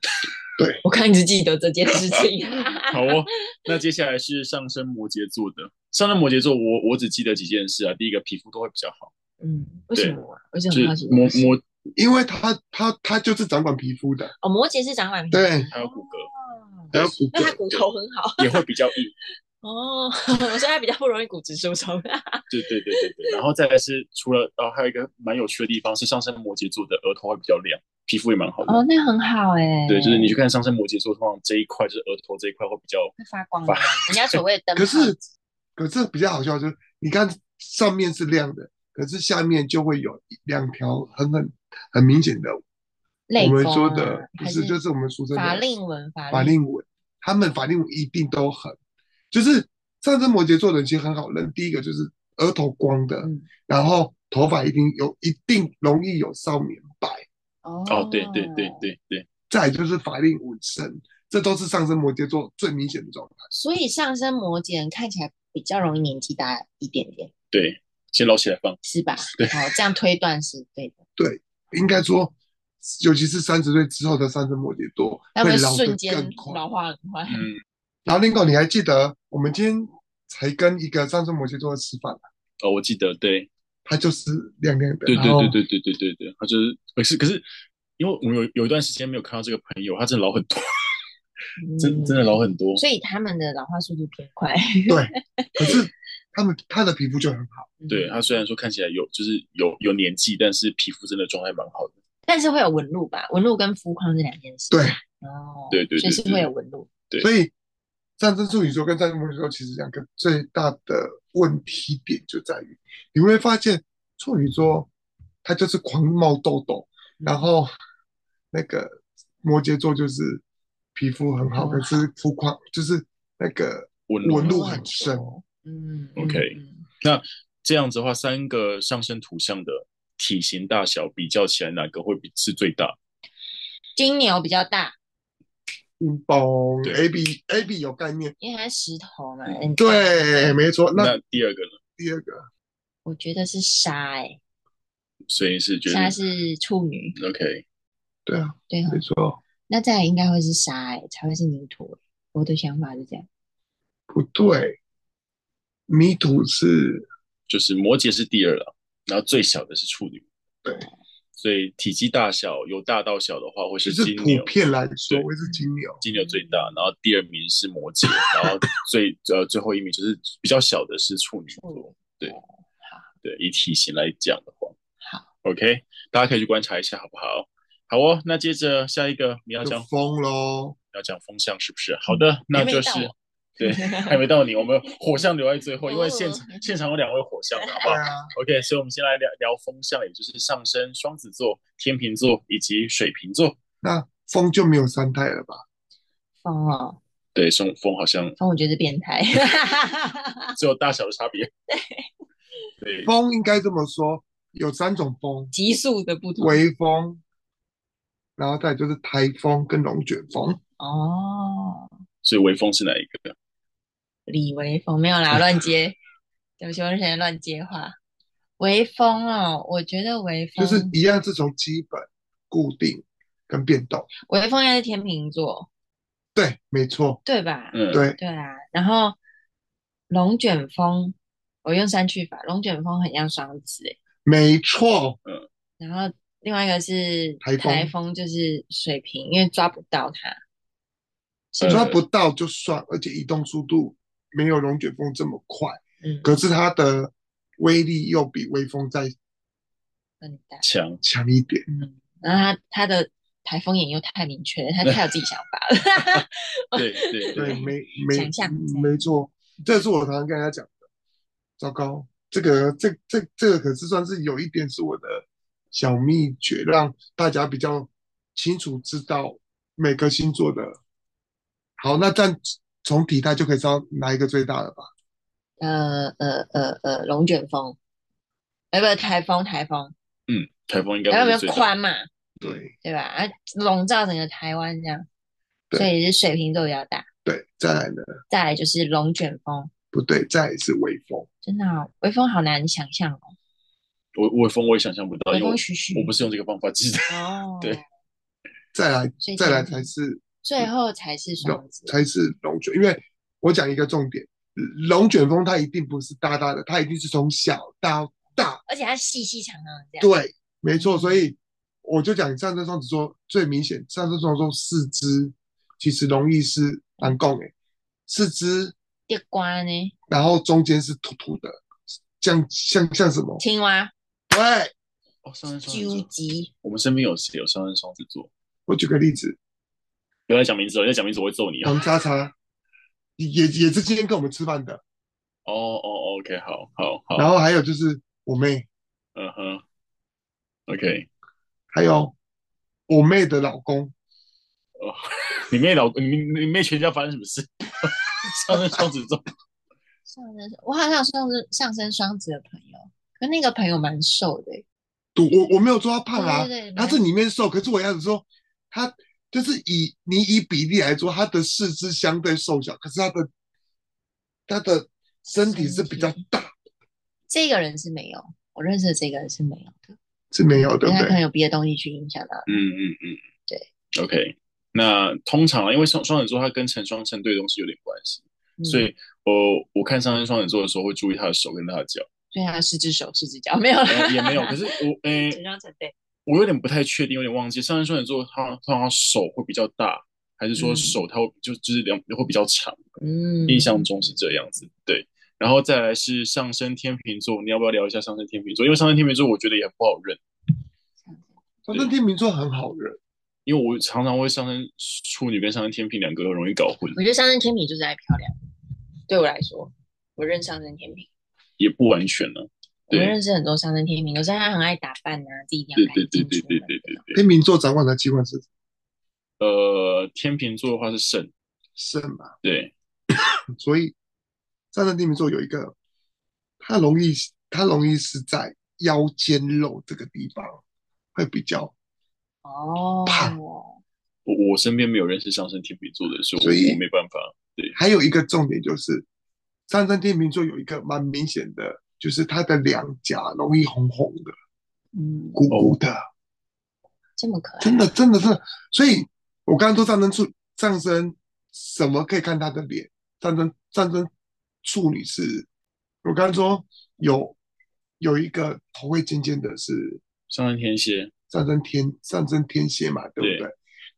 對，我看你只記得這件事情， 好哦，那接下來是上升摩羯座的， 上升摩羯座我，我我只記得幾件事啊，第一個皮膚都會比較好，嗯，為什麼？為什麼它是摩摩？因為他他他就是掌管皮膚的哦，摩羯是掌管皮膚，對，還、哦、有骨骼，還有骨那他骨頭很好，也會比較硬。 哦、oh, 我現在比較不容易骨質疏鬆。是是 對對對對對，然後再來是除了，啊，還有一個蠻有趣的地方是，上升摩羯座的額頭會比較亮，皮膚也蠻好的。哦、oh，那很好哎，欸。對，就是你去看上升摩羯座的話，通常這一塊就是額頭這一塊會比較發會發光， 人家所謂的燈。可是，可是比較好笑，就是你看上面是亮的，可是下面就會有兩條很很很明顯的，我們說的不是就是我們俗稱法令紋，法令紋，他們法令紋一定都很。就是上升摩羯座的人其實很好認，第一個就是額頭光的、嗯，然後頭髮一定有一定容易有少年白哦，哦，對對對對對，再就是法令紋深，這都是上升摩羯座最明顯的狀態。所以上升摩羯人看起來比較容易年紀大一點點。對，先撈起來放是吧？對，哦，這樣推斷是對的。 對，應該說，尤其是三十歲之後的上升摩羯座，會老得更快，那不是瞬間，老化很快。嗯。然後林哥，你還記得我們今天才跟一個上升摩羯座吃飯？啊、哦，我記得，對，他就是亮亮的，對對對對對對對對，他就、欸、是可是可是，因為我們有有一段時間沒有看到這個朋友，他真的老很多，呵呵嗯、真真的老很多，所以他們的老化速度偏快。對，可是他們他的皮膚就很好， 對他雖然說看起來有就是有有年紀，但是皮膚真的狀態蠻好的，但是會有紋路吧？紋路跟膚況是兩件事。對，哦，對對，確實會有紋路。對，所以。上升處女座跟上升摩羯座其實兩個最大的問題點就在於，你會發現處女座它就是狂冒痘痘，然後那個摩羯座就是皮膚很好，可是膚況就是那個紋紋路很深哦。嗯，嗯，OK，那這樣子的話，三個上升土象的體型大小比較起來，哪個會比是最大？金牛比較大。乒、嗯、乓，A B A B 有概念，因為它是石頭嘛。對，沒錯。那，那第二個呢？第二個，我覺得是沙哎、欸。所以是覺得沙是處女。O、okay、K，對啊，對啊，沒錯。那再來應該會是沙哎、欸，才會是泥土。我的想法是這樣。不對，泥土是就是摩羯是第二了，然後最小的是處女。對。所以體積大小由大到小的話，會是金牛，是土象來說對，會是金牛，金牛最大，然後第二名是摩羯， 然後最，後、呃、最後一名就是比較小的是處女座，對，好、哦，對，以、哦、體型來講的話，好、哦、，OK，大家可以去觀察一下好不好？好哦，那接着下一個你要講風嘍，你要講風象是不是？好的，那就是。有 對，還沒到你，我們火象留在最後，因為現場現場有兩位火象，好不好、 啊、？OK，所以我們先來聊聊風象，也就是上升雙子座、天秤座以及水瓶座。那風就沒有三態了吧？風、哦、啊，對，風風好像風，我覺得是變態， 只有大小的差別。對，對，風應該這麼說，有三種風：急速的不同、微風，然後再就是台風跟龍捲風。哦，所以微風是哪一個？李微風沒有啦，亂接， 對不起，我之前亂接話。微風哦，我覺得微風就是一樣，是從基本、固定跟變動。微風應該是天秤座，對，沒錯，對吧？嗯，對，對啊。然後龍捲風，我用刪去法，龍捲風很像雙子、欸、沒錯，嗯。然後另外一個是颱風，就是水瓶，因為抓不到它，抓不到就算，而且移動速度。沒有龍捲風這麼快，嗯、可是它的威力又比微風再強強一點，嗯嗯、然後它它的颱風眼又太明確了，它太有自己想法了， 對對對， 對，對，沒沒沒，沒錯，這是我常常跟大家講的。糟糕，這個這這這個可是算是有一點是我的小秘訣，讓大家比較清楚知道每個星座的。好，那但。從底大就可以知道哪一個最大的吧？呃呃呃呃，龍捲風，哎、呃、不、呃，台風，颱風。嗯，颱風應該不。它有沒有寬嘛？對，對吧？啊，籠罩整個台灣這樣，對，所以是水平都比較大。對，再來呢？再來就是龍捲風。不對，再來是微風。真的、哦，微風好難想象哦。我微，微風我也想象不到微許許，我不是用這個方法記的。哦。對，再來再來才是。最後才是雙子，才是龍捲。因為我講一個重點，龍捲風它一定不是大大的，它一定是從小到大，而且它細細長長的這樣。對，沒錯、嗯。所以我就講上升雙子座最明顯，上升雙子座四肢其實容易是難共誒，四肢跌乖呢。然後中間是凸凸的，像像像什麼青蛙？對哦，上升雙子座。我們身邊有誰有上升雙子座？我舉個例子。哦，上一上一上一上有人講名字，有人再講名字，名字我會揍你、啊！唐叉叉也也是今天跟我們吃飯的。哦、oh, 哦，OK，好好好。然後還有就是我妹，嗯、uh、哼 -huh.，OK，還有我妹的老公。哦、oh,，你妹老你你妹全家發生什麼事？ 上升雙子座，上升，我好像上升上升雙子的朋友，可那個朋友蠻瘦的。都我我沒有說他胖啊，oh, 他這裡面瘦、嗯，可是我要是說他。就是以你以比例來說，他的四肢相對瘦小，可是他的他的身體是比較大的。這個人是沒有，我認識的這個人是沒有的，是沒有的，嗯、對。他有別的東西去影響他。嗯嗯嗯，對。OK，那通常、啊、因為雙雙子座他跟成雙成對的東西有點關係，嗯、所以我我看上升雙子座的時候會注意他的手跟他的腳。對，他四只手，四只腳，沒有、嗯、也沒有。可是我，哎、呃，成雙成對。我有點不太確定，有點忘記上升雙子座他，他他手會比較大，還是說手他會就、嗯、就是兩會比較長？嗯，印象中是這樣子。對，然後再來是上升天秤座，你要不要聊一下上升天秤座？因為上升天秤座我覺得也不好認。上升天秤座很好認，因為我常常會上升處女跟上升天秤兩個都容易搞混。我覺得上升天秤就是愛漂亮，對我來說，我認上升天秤也不完全呢、啊。我認識很多上升天秤，有些他很愛打扮啊，自己一定要對對對對對對對，對。天秤座掌管的器官是，呃，天秤座的話是腎，腎嘛。對。 所以上升天秤座有一個，他容易他容易是在腰間肉這個地方會比較，哦，胖。我我身邊沒有認識上升天秤座的所，所以我沒辦法。對。還有一個重點就是，上升天秤座有一個蠻明顯的。就是他的兩頰容易紅紅的，嗯，鼓鼓的、哦，這麼可愛、啊，真的，真的是。所以我剛剛說上升處上升什麼可以看他的臉？上升上升處女是，我剛剛說有有一個頭會尖尖的，是上升天蠍，上升天上升天蠍嘛，對不對？對，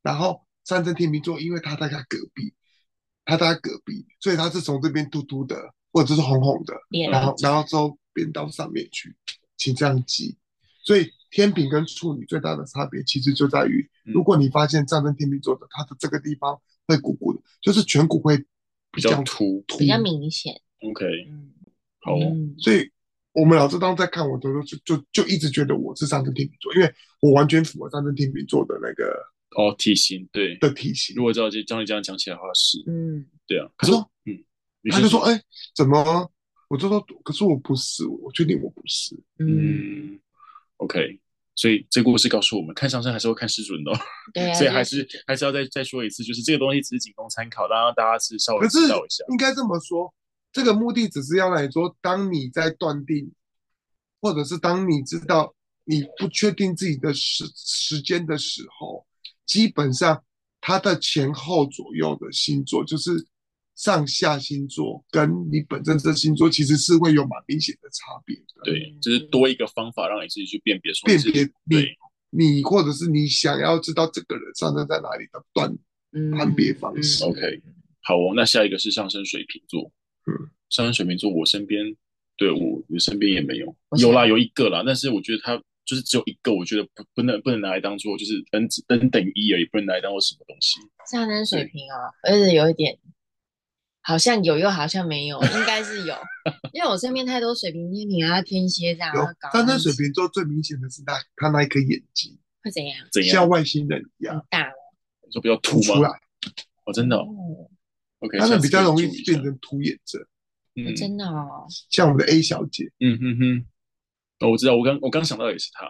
然後上升天秤座，因為他在他隔壁，他在他隔壁，所以他是從這邊嘟嘟的。或者是紅紅的，然後、嗯、然後之後變到上面去，請這樣擠。所以天秤跟處女最大的差別，其實就在於，如果你發現上升天秤座的，嗯、它的這個地方會鼓鼓的，就是顴骨會比較凸，比較明顯。OK，、嗯、好、嗯。所以我們老師當時在看我的時候，就就就一直覺得我是上升天秤座，因為我完全符合上升天秤座的那個哦體型，對的體型。如果照這照你這樣講起來的話，是嗯，對啊。他說嗯。就他就說：“哎、欸，怎麼？我就說，可是我不是，我確定我不是。嗯，嗯，OK。所以這故事告訴我們，看上升還是會看失準的、哦。對、啊， 所以還是還是要再再說一次，就是這個東西只是僅供參考，然後大家是稍微知道一下。可是應該這麼說，這個目的只是要來說，當你在斷定，或者是當你知道你不確定自己的時、啊、時間的時候，基本上它的前後左右的星座就是。”上下星座跟你本身這星座其實是會有蠻明顯的差別，對，就是多一個方法讓你自己去辨別說你。辨別你，你或者是你想要知道這個人上升在哪裡的斷、嗯、判別方式。OK，好哦。那下一個是上升水瓶座。嗯，上升水瓶座，我身邊對我，我身邊也沒有，有啦，有一個啦，但是我覺得他就是只有一個，我覺得不不能不能拿來當做就是 n、n 等於一而已，不能拿來當做什麼東西。上升水瓶啊，而且有一點。好像有，又好像沒有， 應該是有，因為我身邊太多水瓶、天秤啊、天蠍這樣。有，上升水瓶座最明顯的是那他那一顆眼睛會怎樣？怎樣？像外星人一樣大了，說比較凸出來，哦，真的哦，哦，OK，他們比較容易變成凸眼症、嗯，哦，真的哦，像我們的 A 小姐，嗯哼哼，哦，我知道，我剛我剛想到也是她，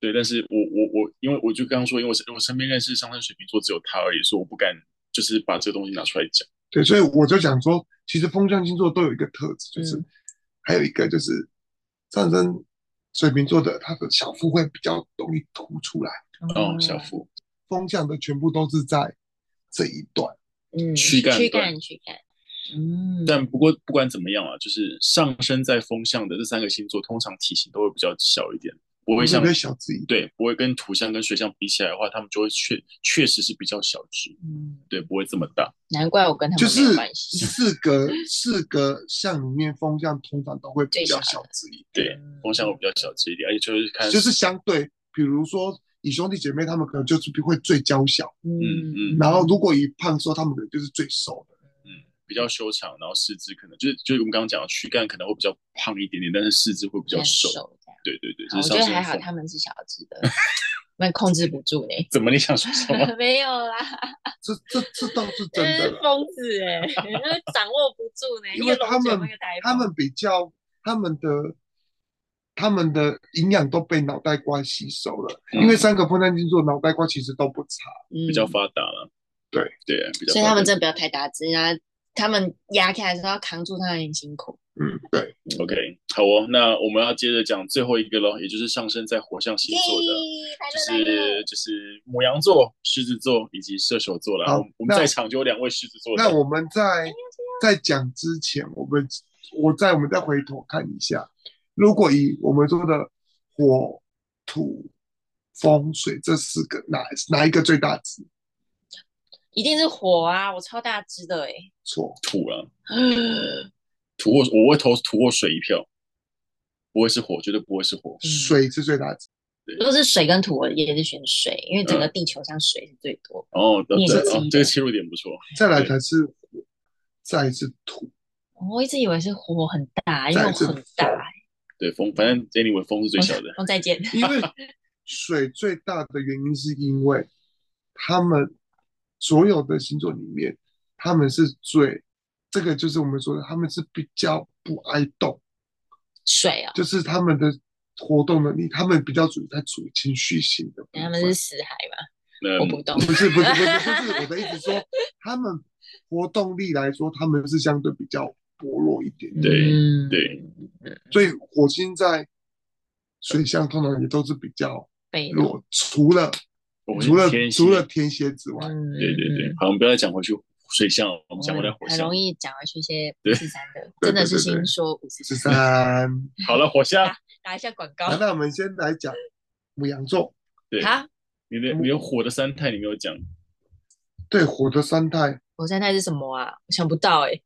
對，但是我我我因為我就剛剛說，因為我身邊認識上升水瓶座只有他而已，所以我不敢就是把這個東西拿出來講。對，所以我就想說，其實風象星座都有一個特質，就是、嗯、還有一個就是上升水瓶座的，他的小腹會比較容易凸出來。哦，小、嗯、腹，風象的全部都是在這一段，嗯，軀幹，幹，軀幹，軀幹。嗯，但不過不管怎麼樣啊，就是上升在風象的這三個星座，通常體型都會比較小一點。不會像，對，不會跟土象跟水象比起來的話，他們就會確確實是比較小只。嗯，對，不會這麼大。難怪我跟他們就是四個 四個象裡面，風象通常都會比較小只一點，對，風象會比較小只一點，嗯，而且就是看就是相對，比如說你兄弟姐妹，他們可能就是會最嬌小，嗯嗯，然後如果以胖瘦說，他們可能就是最瘦的，嗯，比較修長，然後四肢可能就是就是我們剛剛講的軀幹可能會比較胖一點點，但是四肢會比較瘦。嗯嗯嗯對對對，好，我覺得還好，他們是小隻的，那 控制不住呢、欸。怎麼你想說什麼？ 沒有啦，這這這倒是真的，瘋子哎、欸，都 掌握不住呢、欸。因為他們他們比較他們的他們的營養都被腦袋瓜吸收了、嗯，因為三個破蛋星座腦袋瓜其實都不差，嗯、比較發達了。對對，對，所以他們真的不要太大隻啊。他們壓開還是要扛住，他很辛苦。嗯，對嗯，OK，好哦。那我們要接着講最後一個嘍，也就是上升在火象星座的，okay, 就是就是牡羊座、獅子座以及射手座了。好，我們在場就有兩位獅子座那。那我們在在講之前，我們我在我們再回頭看一下，如果以我們說的火、土、風、水這四個，哪哪一個最大值？一定是火啊！我超大隻的哎、欸，錯，土啊， 土或我，我會投土或水一票，不會是火，絕對不會是火，嗯、水是最大隻。如果是水跟土，我也是選水，因為整個地球上水是最多。呃、哦，對，對，對哦，這個切入點不錯。再來才是火，再一次土。我一直以為是火很大，因為很大。嗯、對風，反正 anyway 風是最小的。風、嗯、再見。 因為水最大的原因是因為他們。所有的星座裡面，他們是最，這個就是我們說的，他們是比較不愛動，水啊、哦，就是他們的活動能力，他們比較處在主情緒型的。他們是死海嘛？我、嗯、不懂。不是不是不是，不是就是、我的意思說， 他們活動力來說，他們是相對比較薄弱一點。對對，所以火星在水象通常也都是比較弱，被除了。除了除了天蠍之外、嗯，對對對、嗯，好，我們不要再講回去水象，我們講回來火象、嗯，很容易講回去一些五四三的，對對對對，真的是先說五四三。對對對對 好了，火象、啊、打一下廣告、啊。那我們先來講，牡羊座。對，好，你的你有火的三態，你沒有講？對，火的三態，火三態是什麼啊？我想不到哎、欸。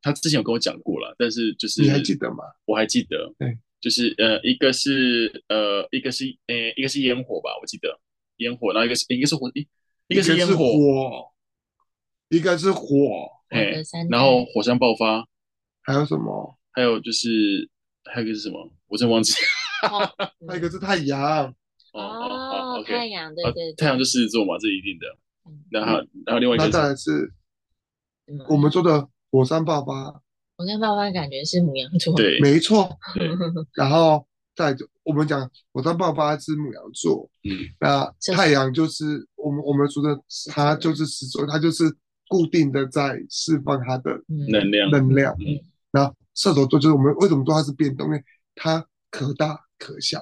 他之前有跟我講過了，但是就是你還記得嗎？我還記得，對，就是呃，一個是呃，一個是呃，一個是煙、呃、火吧，我記得。煙火，那一,一個是應該是火一，一個是火，應該是火，哎，然後火山爆發，還有什麼？還有就是，還有一個是什麼？我真忘記。哦、 還有一個是太陽。哦，哦哦太陽、okay，對對,對、啊，太陽就是獅子座嘛，這一定的。嗯，那還有還另外一件，當然是我們說的火山爆發。火山爆發感覺是牡羊座，對，沒錯。然 後對。 在我們講，我當爆爸，爸是牡羊座，嗯，那太陽就是、就是、我們我們說的，它就是獅子，它就是固定的在釋放它的能量能量。嗯，那、嗯、射手座就是我們為什麼說它是變動，因為它可大可小，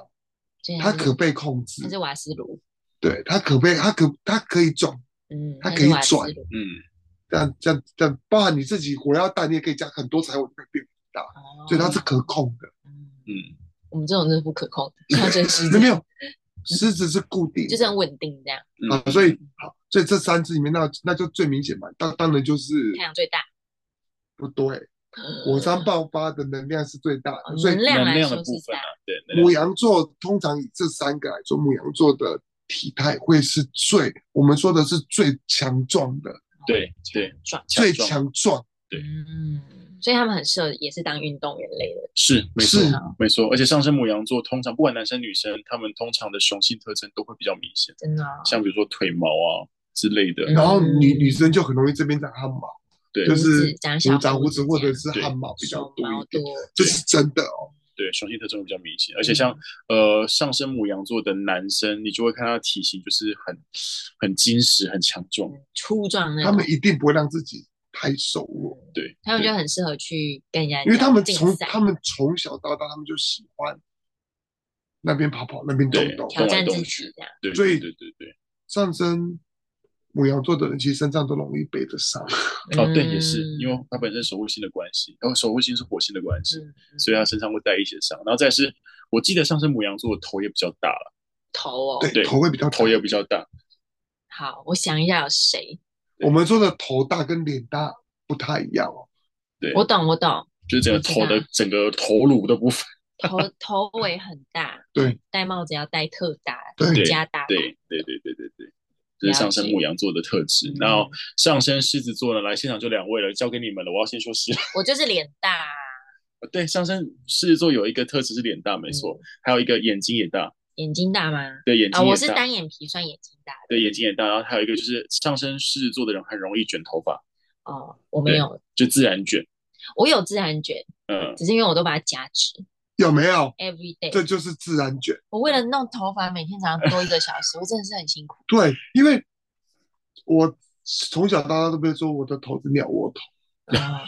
它可、可、它可被控制。它是瓦斯爐。對，它可被它可它可以轉，嗯，它可以轉，嗯，這樣這樣這樣，包含你自己火要大，你也可以加很多柴火，變變很大，哦，所以它是可控的。嗯。嗯我們這種是不可控，像獅子 沒有，獅子是固定，就這、是、樣穩定這樣。嗯、啊，所以好，所以這三只裡面，那那就最明顯嘛，當當然就是太陽最大，不對，火山爆發的能量是最大的、嗯，所以，哦，能量來能量的部分、啊，對樣。牡羊座通常以這三個來說，牡羊座的體態會是最，我們說的是最強壯的，對對，最強壯。對嗯，所以他們很適合，也是當運動員類的，是沒錯，沒錯。而且上升牡羊座通常不管男生女生，他們通常的雄性特徵都會比較明顯，真的、啊。像比如說腿毛啊之類的，然後女、嗯、女生就很容易這邊長汗毛，對，就是我長鬍子或者是汗毛比較多一點，這、就是真的哦。對，雄性特徵比較明顯，而且像、嗯、呃上升牡羊座的男生，你就會看他體型就是很很結實、很強壯、粗壯那種，他們一定不會讓自己太瘦了，對，他們就很適合去跟人家，因為他們從他們從小到大，他們就喜歡那邊跑跑，那邊動動，挑戰自己，對，對對對，上升牡羊座的人其實身上都容易背的傷，嗯、 哦，對，也是，因為他本身守護星的關係，然後守護星是火星的關係、嗯，所以他身上會帶一些傷，然後再是，我記得上升牡羊座頭也比較大了，頭哦，對，對頭會比較，頭也比較大。好，我想一下有，誰？我們說的頭大跟臉大不太一樣哦。對，我懂，我懂，就是整個頭的整個頭顱的部分， 頭頭圍很大。對，戴帽子要戴特大，對加大。對對對對對對對，這、就是上升牡羊座的特質。然後上升獅子座呢、嗯，來現場就兩位了，交給你們了。我要先說獅子，我就是臉大。對，上升獅子座有一個特質是臉大，沒錯，嗯、還有一個眼睛也大。眼睛大嗎？對，眼睛、哦，我是單眼皮，算眼睛大的。對，眼睛也大，然後還有一個就是上升獅子的人很容易卷頭髮。哦，我沒有，就自然卷。我有自然卷，嗯，只是因為我都把它夾直。有沒有？Every day，這就是自然卷。我為了弄頭髮，每天早上多一個小時， 我真的是很辛苦。對，因為我從小到大都被說我的頭是鳥窩頭。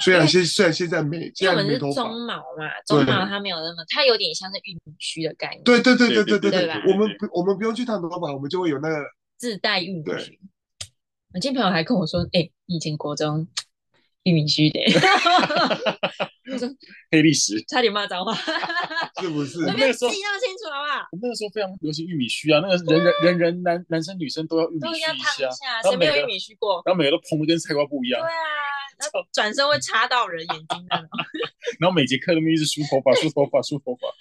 雖然現雖然現在沒，我們是鬃毛嘛，鬃毛它沒有那麼，對對對對對，它有點像是玉米鬚的概念。對對對對對對對，對對，我們我們不用去燙頭髮，我們就會有那個自帶玉米鬚。我今天朋友還跟我說，哎、欸，以前國中玉米鬚的，哈哈哈說黑歷史，差點罵髒話， 是不是？那個時候記得清楚了吧，我們那個時候非常流行玉米鬚啊，啊，那個人人，人男男生女生都要玉米鬚燙一下，誰沒有玉米鬚過？然後每個人都蓬的跟菜瓜不一樣，對啊。轉身會插到人眼睛的。 然後每節課都一直梳頭髮、梳頭髮、梳頭髮。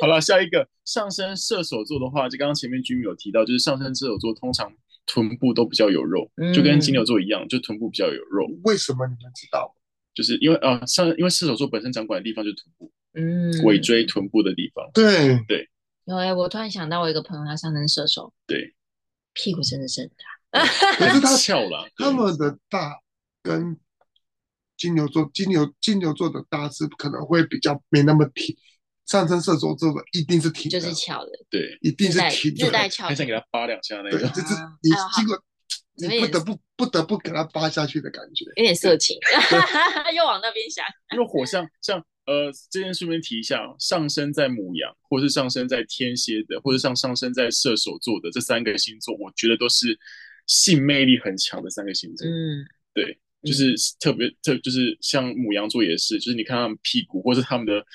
好了，下一個上升射手座的話，就剛剛前面居民有提到，就是上升射手座通常臀部都比較有肉，嗯、就跟金牛座一樣，就臀部比較有肉。為什麼你們知道？就是因為啊、呃，上因為射手座本身掌管的地方就是臀部，嗯，尾椎、臀部的地方。對對。因為、欸，我突然想到，我一個朋友他上升射手，對，屁股真的是很大，可是他翹了，那麼的大跟。金牛座，金牛金牛座的大致可能會比較沒那麼挺，上升射手座的一定是挺，就是翹的，對，一定是挺的，就帶翹，很想給他扒兩下那個、啊。就是你經過，啊、你不得不不得不給他扒下去的感覺，有點色情， 又往那邊想，因為火象像，像呃，這邊順便提一下，上升在牡羊，或是上升在天蠍的，或者上上升在射手座的這三個星座，我覺得都是性魅力很強的三個星座，嗯，對。就是特別特，就是像牡羊座也是，就是你看他們屁股，或者是他們的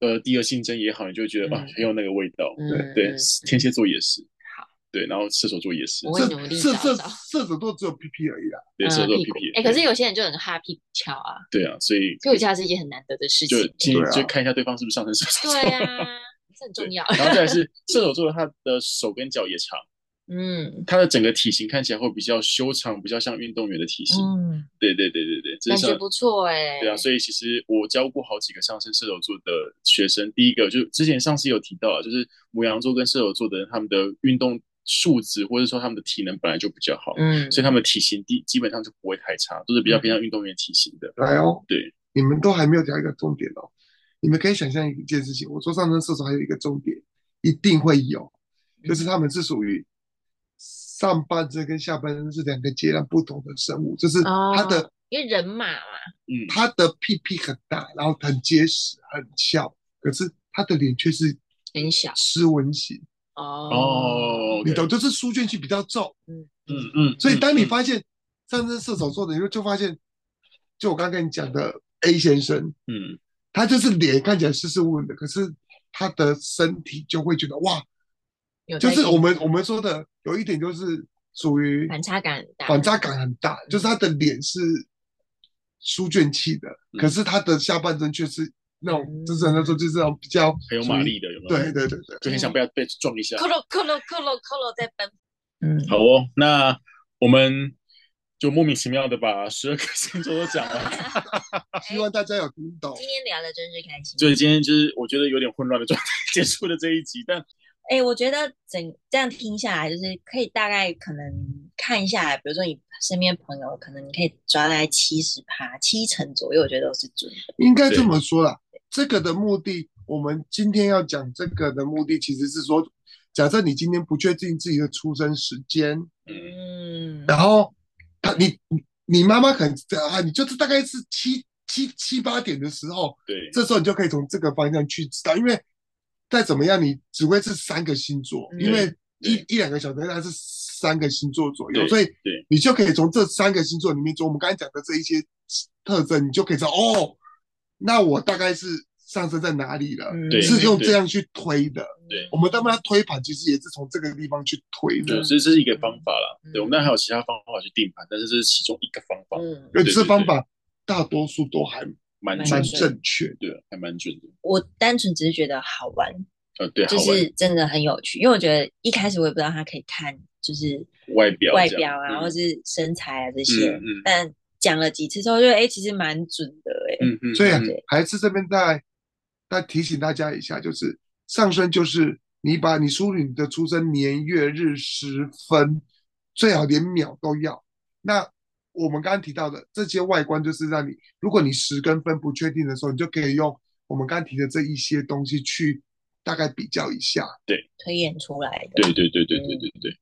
呃第二性徵也好，你就會覺得、嗯、啊很有那個味道。對、嗯、對，嗯、天蠍座也是。好。對，然後射手座也是。我努力。射射射，射手座只有屁屁而已啦、啊嗯，射手座屁屁。哎、欸，可是有些人就很哈屁股翹啊。對啊，所以。所以加是一件很難得的事情。就就，就看一下對方是不是上升射手。對啊， 對啊，這很重要。 然後再來是射手座的，他的手跟腳也長。嗯，他的整個體型看起來會比較修長，比較像運動員的體型。嗯，對對對對對，感覺不錯哎、欸。對啊，所以其實我教過好幾個上升射手座的學生，第一個就之前上次有提到啊，就是牡羊座跟射手座的人，他們的運動素質或者說他們的體能本來就比較好，嗯，所以他們的體型基基本上就不會太差，都、就是比較偏向運動員體型的。嗯、來哦，對，你們都還沒有講一個重點哦，你們可以想象一件事情，我說上升射手還有一個重點，一定會有，就是他們是屬於、嗯。上半身跟下半身是兩個截然不同的生物，就是他的、哦，因為人馬嘛，嗯，他的屁屁很大，然後很結實，很翹，可是他的臉卻是很小，斯文型。哦、oh, okay. 你懂，就是書卷氣比較重。嗯嗯，所以當你發現、嗯嗯你發現嗯嗯、上升射手座的，你就發現，就我剛剛跟你講的 A 先生，嗯，他就是臉看起來斯斯文文的，可是他的身體就會覺得哇，就是我們、嗯、我們說的。有一點就是屬於反差感，很大，反差感很大。就是他的臉是書卷氣的，嗯、可是他的下半身卻是那種，嗯、就是很多說就是那種比較很有馬力的，有沒有？對對對對，就很想被他被撞一下。colo colo colo colo 嗯，好哦，那我們就莫名其妙的把十二個星座都講了， 希望大家有聽懂。今天聊的真是開心。就是今天就是我覺得有點混亂的狀態， 結束了這一集，但。哎，我覺得整這樣聽下來，就是可以大概可能看一下來，比如說你身邊朋友，可能你可以抓在七十趴七成左右，我覺得都是準的。應該這麼說啦，這個的目的，我們今天要講這個的目的，其實是說，假設你今天不確定自己的出生時間，嗯，然後你你你媽媽很啊，你就是大概是七七七八點的時候，對，這時候你就可以從這個方向去知道，因為。再怎麼樣，你只會是三個星座，嗯、因為一一兩個小時，它是三個星座左右，所以你就可以從這三個星座裡面，從我們剛才講的這一些特徵，你就可以知道哦，那我大概是上升在哪裡了？嗯、是用這樣去推的。對對我們當然推盤其實也是從這個地方去推的。的、嗯。所以這是一個方法啦。對，我們當然還有其他方法去定盤，但是這是其中一個方法。嗯，這方法大多數都還。蠻正確對，還蠻準的。我單純只是覺得好玩、啊，對，就是真的很有趣。因為我覺得一開始我也不知道他可以看，就是外表、啊、外表啊，或、嗯、者是身材啊這些。嗯嗯，但講了幾次之後，就、欸、覺其實蠻準的、欸、嗯嗯。所以、啊嗯、還是這邊再再提醒大家一下，就是上升就是你把你輸入你的出生年月日時分，最好連秒都要。那我們剛剛提到的這些外觀，就是讓你，如果你十根分不確定的時候，你就可以用我們剛剛提的這一些東西去大概比較一下，對，推演出來的。對對對對對對對，對、嗯。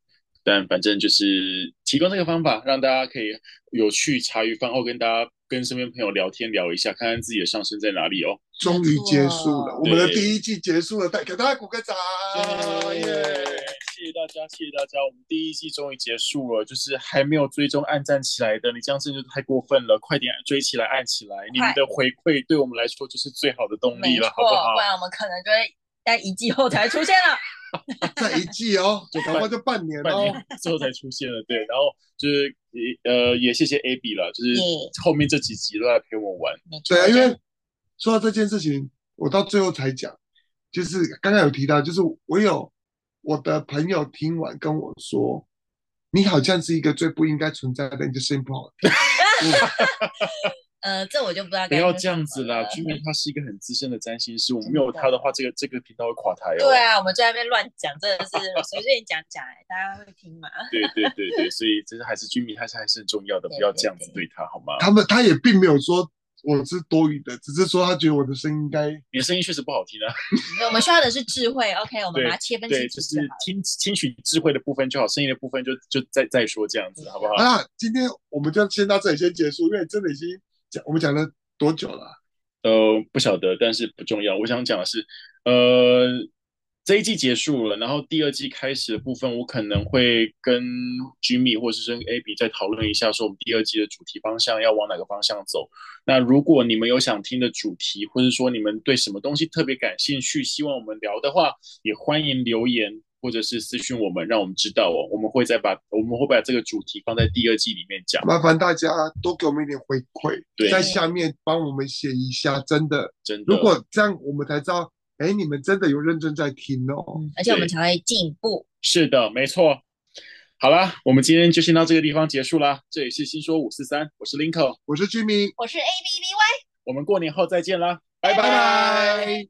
但反正就是提供這個方法，讓大家可以有去茶餘飯後跟大家、跟身邊朋友聊天聊一下，看看自己的上升在哪裡哦。終於結束了，我們的第一季結束了，大給大家鼓個掌。Yeah, yeah. 謝謝大家，謝謝大家，我們第一季終於結束了，就是還沒有追蹤按讚起來的，你這樣真的太過分了，快點追起來，按起來，你們的回饋對我們來說就是最好的動力了，好不好？不然我們可能就會在一季後才出現了，在 一季哦，就差不多就半年，半年之後才出現了，現了 對。然後就是呃，也謝謝 AB 了，就是後面這幾集都在陪我玩，對啊，因為說到這件事情，我到最後才講，就是剛才有提到，就是我有。我的朋友聽完跟我說：“你好像是一個最不應該存在的 example 哈哈哈哈呃，這我就不知道。不要這樣子啦，居 民他是一個很資深的占星師， 我們沒有他的話， 這個這個頻道會垮台哦。 對啊，我們在那邊亂講，真的是隨，隨便講講、欸， 大家會聽嗎？ 對對對對， 所以這是還是居民，還是還是很重要的， 不要這樣子對他，好嗎？對對對他們他也並沒有說。我是多餘的，只是說他覺得我的聲音應該，你的聲音確實不好聽啊。 我們需要的是智慧，OK？我們把它切分，對，對，就是聽聽取智慧的部分就好，聲音的部分就就再再說這樣子，嗯，好不好？啊，今天我們就先到這裡，先結束，因為真的已經講我們講了多久了？呃，不曉得，但是不重要。我想講的是，呃。這一季結束了，然後第二季開始的部分，我可能會跟 Jimmy 或者是跟 Abby 再討論一下，說我們第二季的主題方向要往哪個方向走。那如果你們有想聽的主題，或者說你們對什麼東西特別感興趣，希望我們聊的話，也歡迎留言或者是私訊我們，讓我們知道哦。我們會再把我們會把這個主題放在第二季裡面講。麻煩大家多給我們一點回饋，對，在下面幫我們寫一下，真的，真的。如果這樣，我們才知道。哎，你們真的有認真在聽哦，而且我們才會進步。是的，沒錯。好了，我們今天就先到這個地方結束了。這裡是星說五四三，我是 Linko，我是 Jimmy，我是 ABBY。我們過年後再見啦，拜拜。拜拜。